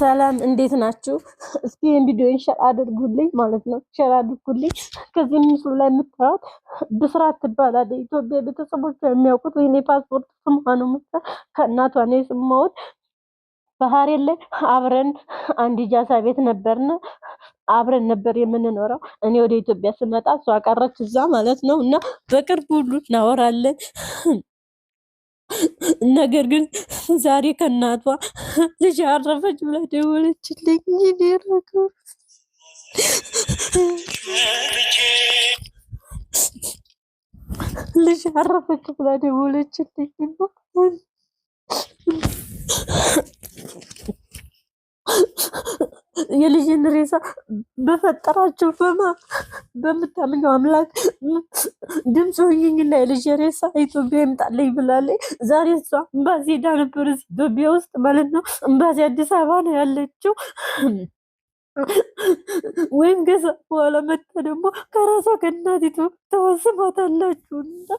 ሰላም እንዴት ናችሁ? እስኪ ይህን ቪዲዮ ሸር አድርጉልኝ ማለት ነው። ሸር አድርጉልኝ። ከዚህ ምስሉ ላይ የምታዩት ብስራት ትባላለ። ኢትዮጵያ ቤተሰቦቿ የሚያውቁት ወይኔ ፓስፖርት ስሟ ነው መሰል ከእናቷ ነው የሰማሁት። ባህሬን ላይ አብረን አንድ ጃሳ ቤት ነበርና አብረን ነበር የምንኖረው። እኔ ወደ ኢትዮጵያ ስመጣ እሷ ቀረች እዛ ማለት ነው። እና በቅርብ ሁሉ እናወራለን ነገር ግን ዛሬ ከእናቷ ልጅ አረፈች ብላ ደወለችልኝ። ደረጉ ልጅ አረፈች ብላ ደወለችልኝ። የልጅን ሬሳ በፈጠራቸው በማ በምታምኘው አምላክ ድምፅ ሆኝኝና የልጅ ሬሳ ኢትዮጵያ ይምጣለኝ ብላለኝ። ዛሬ እሷ እምባሴ ሄዳ ነበር፣ ኢትዮጵያ ውስጥ ማለት ነው። እምባሴ አዲስ አበባ ነው ያለችው ወይም ገዛ በኋላ መታ ደግሞ ከራሷ ከእናቲቱ ተወስማታላችሁ እና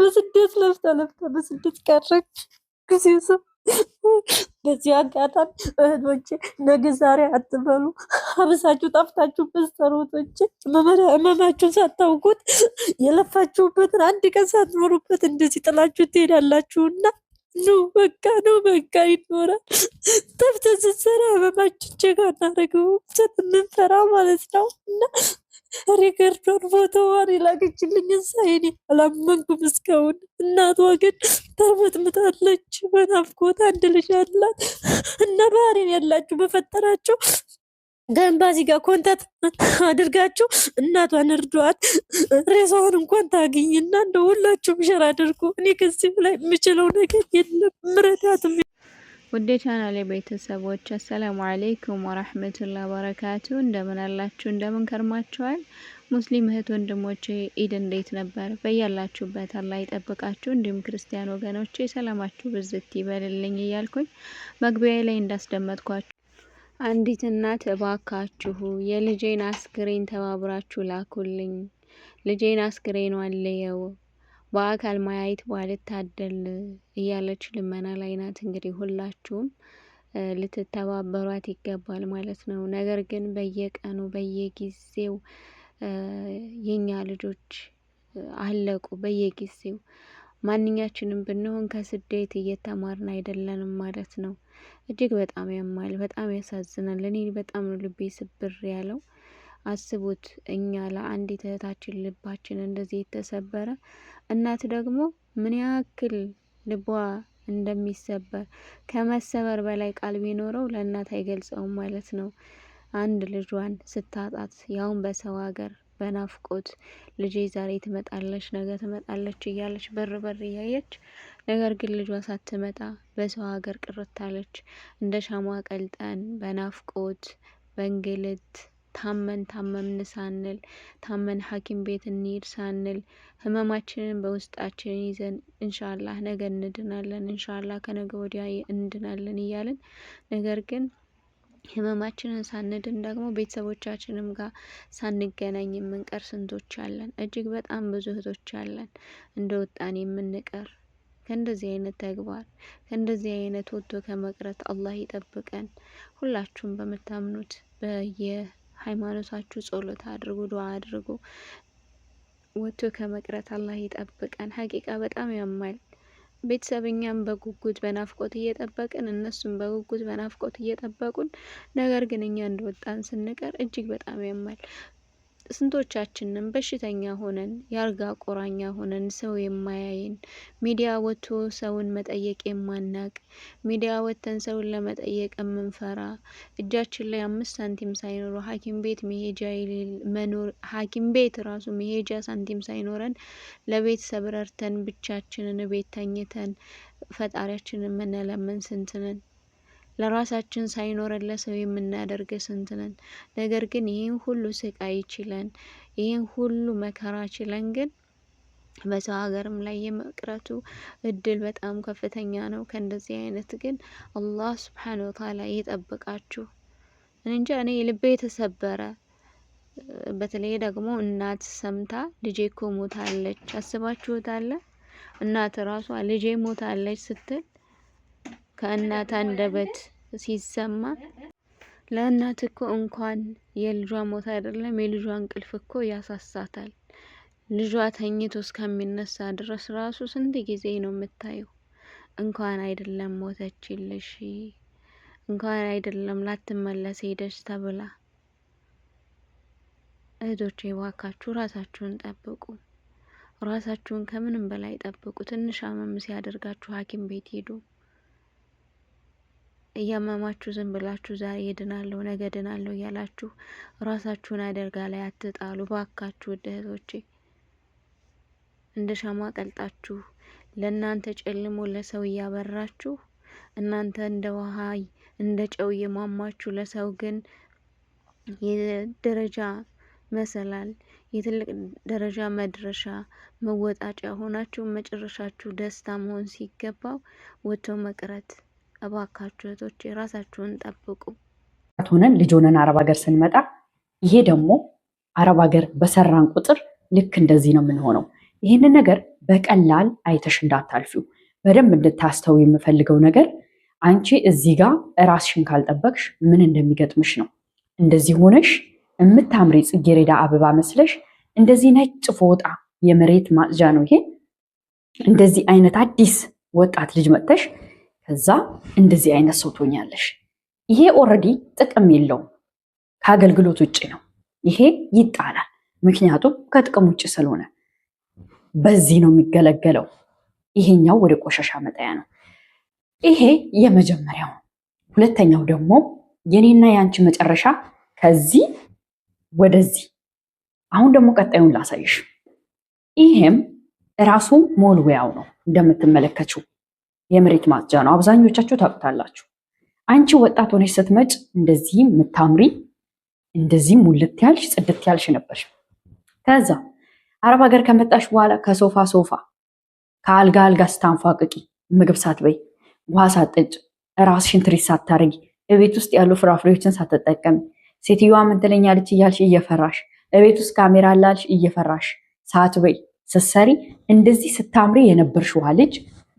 በስደት ለፍታ ለፍታ በስደት ቀረች ጊዜ ሰው በዚህ አጋጣሚ እህቶቼ ነገ ዛሬ አትበሉ። አብሳችሁ ጠፍታችሁ በስተሮቶቼ ህመማችሁን ሳታውቁት የለፋችሁበትን አንድ ቀን ሳትኖሩበት እንደዚህ ጥላችሁ ትሄዳላችሁና ኑ በቃ ነው በቃ ይኖራል። ጠፍተን ስንሰራ ህመማችን ቸጋ እናደርገው ስንፈራ ማለት ነው እና ሪከርዶን ፎቶዋን የላከችልኝ እዛ የኔ አላመንኩም እስካሁን። እናቷ ግን ተርመጥምጣለች በናፍቆት። አንድ ልጅ አላት እና ባህሪን ያላችሁ በፈጠራቸው ከኤምባሲ ጋር ኮንታት አድርጋችሁ እናቷን እርዷት። ሬሳዋን እንኳን ታግኝና እንደ ሁላችሁም ሸር አድርጉ። እኔ ከዚህ ላይ የምችለው ነገር የለም ምረዳትም ውዴ ቻናሌ ቤተሰቦች አሰላሙ አሌይኩም ወራህመቱላ በረካቱ፣ እንደምን አላችሁ? እንደምን ከርማችኋል? ሙስሊም እህት ወንድሞቼ ኢድ እንዴት ነበር? በያላችሁበት አላህ ይጠብቃችሁ። እንዲሁም ክርስቲያን ወገኖቼ ሰላማችሁ ብዝት ይበልልኝ እያልኩኝ መግቢያ ላይ እንዳስደመጥኳችሁ አንዲት እናት እባካችሁ የልጄን አስክሬን ተባብራችሁ ላኩልኝ፣ ልጄን አስክሬኗን ልየው በአካል ማየት ባልታደል እያለች ልመና ላይ ናት። እንግዲህ ሁላችሁም ልትተባበሯት ይገባል ማለት ነው። ነገር ግን በየቀኑ በየጊዜው የኛ ልጆች አለቁ። በየጊዜው ማንኛችንም ብንሆን ከስደት እየተማርን አይደለንም ማለት ነው። እጅግ በጣም ያማል፣ በጣም ያሳዝናል። እኔ በጣም ነው ልቤ ስብር ያለው። አስቡት እኛ ለአንዲት እህታችን ልባችን እንደዚህ የተሰበረ እናት ደግሞ ምን ያክል ልቧ እንደሚሰበር ከመሰበር በላይ ቃል ቢኖረው ለእናት አይገልጸውም ማለት ነው። አንድ ልጇን ስታጣት ያውን በሰው ሀገር በናፍቆት ልጄ ዛሬ ትመጣለች፣ ነገ ትመጣለች እያለች በር በር እያየች ነገር ግን ልጇ ሳትመጣ በሰው ሀገር ቅርታለች። እንደ ሻማ ቀልጠን በናፍቆት በእንግልት ታመን ታመምን ሳንል ታመን ሐኪም ቤት እንሂድ ሳንል ህመማችንን በውስጣችን ይዘን እንሻላህ ነገ እንድናለን፣ እንሻላህ ከነገ ወዲያ እንድናለን እያልን ነገር ግን ህመማችንን ሳንድን ደግሞ ቤተሰቦቻችንም ጋር ሳንገናኝ የምንቀር ስንቶች አለን። እጅግ በጣም ብዙ እህቶች አለን እንደ ወጣን የምንቀር። ከእንደዚህ አይነት ተግባር ከእንደዚህ አይነት ወጥቶ ከመቅረት አላህ ይጠብቀን። ሁላችሁም በምታምኑት በየ ሃይማኖታችሁ ጸሎት አድርጉ፣ ዱዓ አድርጉ። ወጥቶ ከመቅረት አላህ ይጠብቀን። ሀቂቃ በጣም ያማል። ቤተሰብ በጉጉት በናፍቆት እየጠበቅን እነሱም በጉጉት በናፍቆት እየጠበቁን፣ ነገር ግን እኛ እንደወጣን ስንቀር እጅግ በጣም ያማል። ስንቶቻችንም በሽተኛ ሆነን ያርጋ ቆራኛ ሆነን ሰው የማያይን ሚዲያ ወጥቶ ሰውን መጠየቅ የማናቅ ሚዲያ ወጥተን ሰውን ለመጠየቅ የምንፈራ እጃችን ላይ አምስት ሳንቲም ሳይኖረ ሐኪም ቤት መሄጃ የሌለ መኖር ሐኪም ቤት ራሱ መሄጃ ሳንቲም ሳይኖረን ለቤተሰብ ረድተን ብቻችንን ቤት ተኝተን ፈጣሪያችንን የምንለምን ስንት ነን? ለራሳችን ሳይኖረን ለሰው የምናደርገ ስንት ነን። ነገር ግን ይህን ሁሉ ስቃይ ችለን ይህን ሁሉ መከራ ችለን ግን በሰው ሀገርም ላይ የመቅረቱ እድል በጣም ከፍተኛ ነው። ከእንደዚህ አይነት ግን አላህ ስብሓነሁ ወተዓላ ይጠብቃችሁ። እንጃ እኔ ልቤ የተሰበረ በተለይ ደግሞ እናት ሰምታ ልጄ እኮ ሞታለች፣ አስባችሁታለ? እናት ራሷ ልጄ ሞታለች ስትል ከእናት አንደበት ሲሰማ ለእናት እኮ እንኳን የልጇ ሞት አይደለም የልጇ እንቅልፍ እኮ ያሳሳታል። ልጇ ተኝቶ እስከሚነሳ ድረስ ራሱ ስንት ጊዜ ነው የምታየው? እንኳን አይደለም ሞተችልሽ፣ እንኳን አይደለም ላትመለስ ሄደች ተብላ። እህቶቼ ባካችሁ ራሳችሁን ጠብቁ። ራሳችሁን ከምንም በላይ ጠብቁ። ትንሽ አመም ሲያደርጋችሁ ሐኪም ቤት ሄዱ? እያመማችሁ ዝም ብላችሁ ዛሬ እድናለሁ ነገ እድናለሁ እያላችሁ ራሳችሁን አደርጋ ላይ አትጣሉ። ባካችሁ ውድ እንደ ሻማ ቀልጣችሁ ለእናንተ ጨልሞ ለሰው እያበራችሁ እናንተ እንደ ውሃ እንደ ጨው እየሟሟችሁ ለሰው ግን የደረጃ መሰላል የትልቅ ደረጃ መድረሻ መወጣጫ ሆናችሁ መጨረሻችሁ ደስታ መሆን ሲገባው ወጥቶ መቅረት እባካችሁ እህቶች የራሳችሁን ጠብቁ። ሆነን ልጅ ሆነን አረብ ሀገር ስንመጣ ይሄ ደግሞ አረብ ሀገር በሰራን ቁጥር ልክ እንደዚህ ነው የምንሆነው። ይህንን ነገር በቀላል አይተሽ እንዳታልፊው በደንብ እንድታስተው የምፈልገው ነገር አንቺ እዚህ ጋር ራስሽን ካልጠበቅሽ ምን እንደሚገጥምሽ ነው። እንደዚህ ሆነሽ የምታምሪ ጽጌሬዳ አበባ መስለሽ እንደዚህ ነጭ ፎጣ የመሬት ማጽጃ ነው ይሄ። እንደዚህ አይነት አዲስ ወጣት ልጅ መጥተሽ ከዛ እንደዚህ አይነት ሰው ትሆኛለሽ። ይሄ ኦልሬዲ ጥቅም የለውም፣ ከአገልግሎት ውጭ ነው። ይሄ ይጣላል፣ ምክንያቱም ከጥቅም ውጭ ስለሆነ በዚህ ነው የሚገለገለው። ይሄኛው ወደ ቆሻሻ መጣያ ነው። ይሄ የመጀመሪያው። ሁለተኛው ደግሞ የኔና የአንቺ መጨረሻ ከዚህ ወደዚህ። አሁን ደግሞ ቀጣዩን ላሳይሽ። ይሄም ራሱ ሞልዌያው ነው እንደምትመለከችው የመሬት ማጽጃ ነው። አብዛኞቻችሁ ታውቁታላችሁ። አንቺ ወጣት ሆነሽ ስትመጭ እንደዚህም ምታምሪ እንደዚህም ሙልት ያልሽ ጽድት ያልሽ ነበርሽ። ከዛ አረብ ሀገር ከመጣሽ በኋላ ከሶፋ ሶፋ ከአልጋ አልጋ ስታንፏቅቂ ምግብ ሳትበይ ውሃ ሳትጠጭ ራስሽን ትሪት ሳታረጊ እቤት ውስጥ ያሉ ፍራፍሬዎችን ሳትጠቀሚ ሴትዮዋ ምን ትለኛለች እያልሽ እየፈራሽ እቤት ውስጥ ካሜራ አላልሽ እየፈራሽ ሳትበይ ስትሰሪ እንደዚህ ስታምሪ የነበርሽ ውሃ ልጅ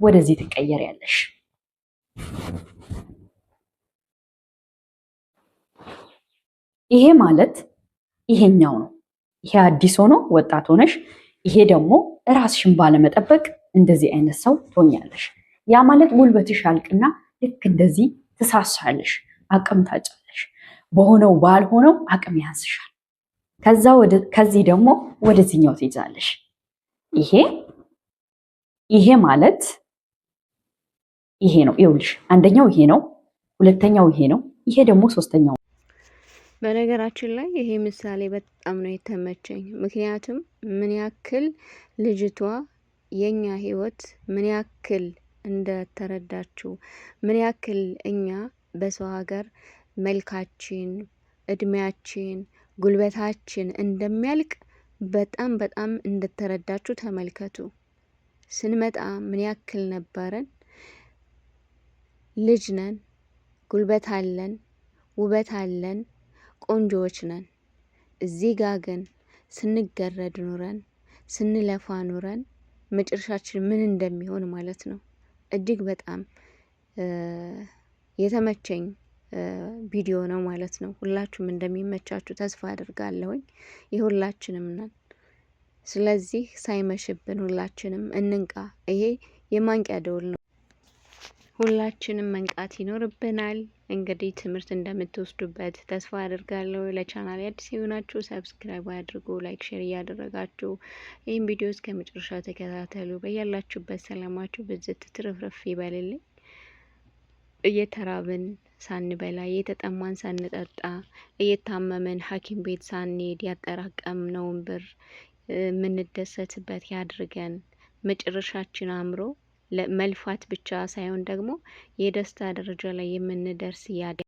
ወደዚህ ያለሽ። ይሄ ማለት ይሄኛው ነው። ይሄ አዲስ ሆኖ ወጣት ሆነሽ፣ ይሄ ደግሞ ራስሽን ባለመጠበቅ እንደዚህ አይነት ሰው ትሆኛለሽ። ያ ማለት ጉልበትሽ ያልቅና ልክ እንደዚህ ትሳሳለሽ፣ አቅም ታጫለሽ። በሆነው ባልሆነው አቅም ያንስሻል። ከዚህ ደግሞ ወደዚህኛው ትይዛለሽ። ይሄ ይሄ ማለት ይሄ ነው። ይኸውልሽ አንደኛው ይሄ ነው፣ ሁለተኛው ይሄ ነው፣ ይሄ ደግሞ ሶስተኛው። በነገራችን ላይ ይሄ ምሳሌ በጣም ነው የተመቸኝ። ምክንያቱም ምን ያክል ልጅቷ የኛ ህይወት ምን ያክል እንደተረዳችው ምን ያክል እኛ በሰው ሀገር መልካችን፣ እድሜያችን፣ ጉልበታችን እንደሚያልቅ በጣም በጣም እንደተረዳችሁ ተመልከቱ። ስንመጣ ምን ያክል ነበረን ልጅ ነን፣ ጉልበት አለን፣ ውበት አለን፣ ቆንጆዎች ነን። እዚህ ጋ ግን ስንገረድ ኑረን ስንለፋ ኑረን መጨረሻችን ምን እንደሚሆን ማለት ነው። እጅግ በጣም የተመቸኝ ቪዲዮ ነው ማለት ነው። ሁላችሁም እንደሚመቻችሁ ተስፋ አድርጋለሁኝ። የሁላችንም ነን። ስለዚህ ሳይመሽብን ሁላችንም እንንቃ። ይሄ የማንቂያ ደውል ነው። ሁላችንም መንቃት ይኖርብናል። እንግዲህ ትምህርት እንደምትወስዱበት ተስፋ አድርጋለሁ። ለቻናል አዲስ የሆናችሁ ሰብስክራይብ አድርጉ፣ ላይክ፣ ሼር እያደረጋችሁ ይህም ቪዲዮ እስከ መጨረሻው ተከታተሉ። በያላችሁበት ሰላማችሁ ብዝት ትርፍርፍ ይበልልኝ። እየተራብን ሳንበላ እየተጠማን ሳንጠጣ እየታመመን ሐኪም ቤት ሳንሄድ ያጠራቀምነውን ብር የምንደሰትበት ያድርገን። መጨረሻችን አምሮ መልፋት ብቻ ሳይሆን ደግሞ የደስታ ደረጃ ላይ የምንደርስ ያደ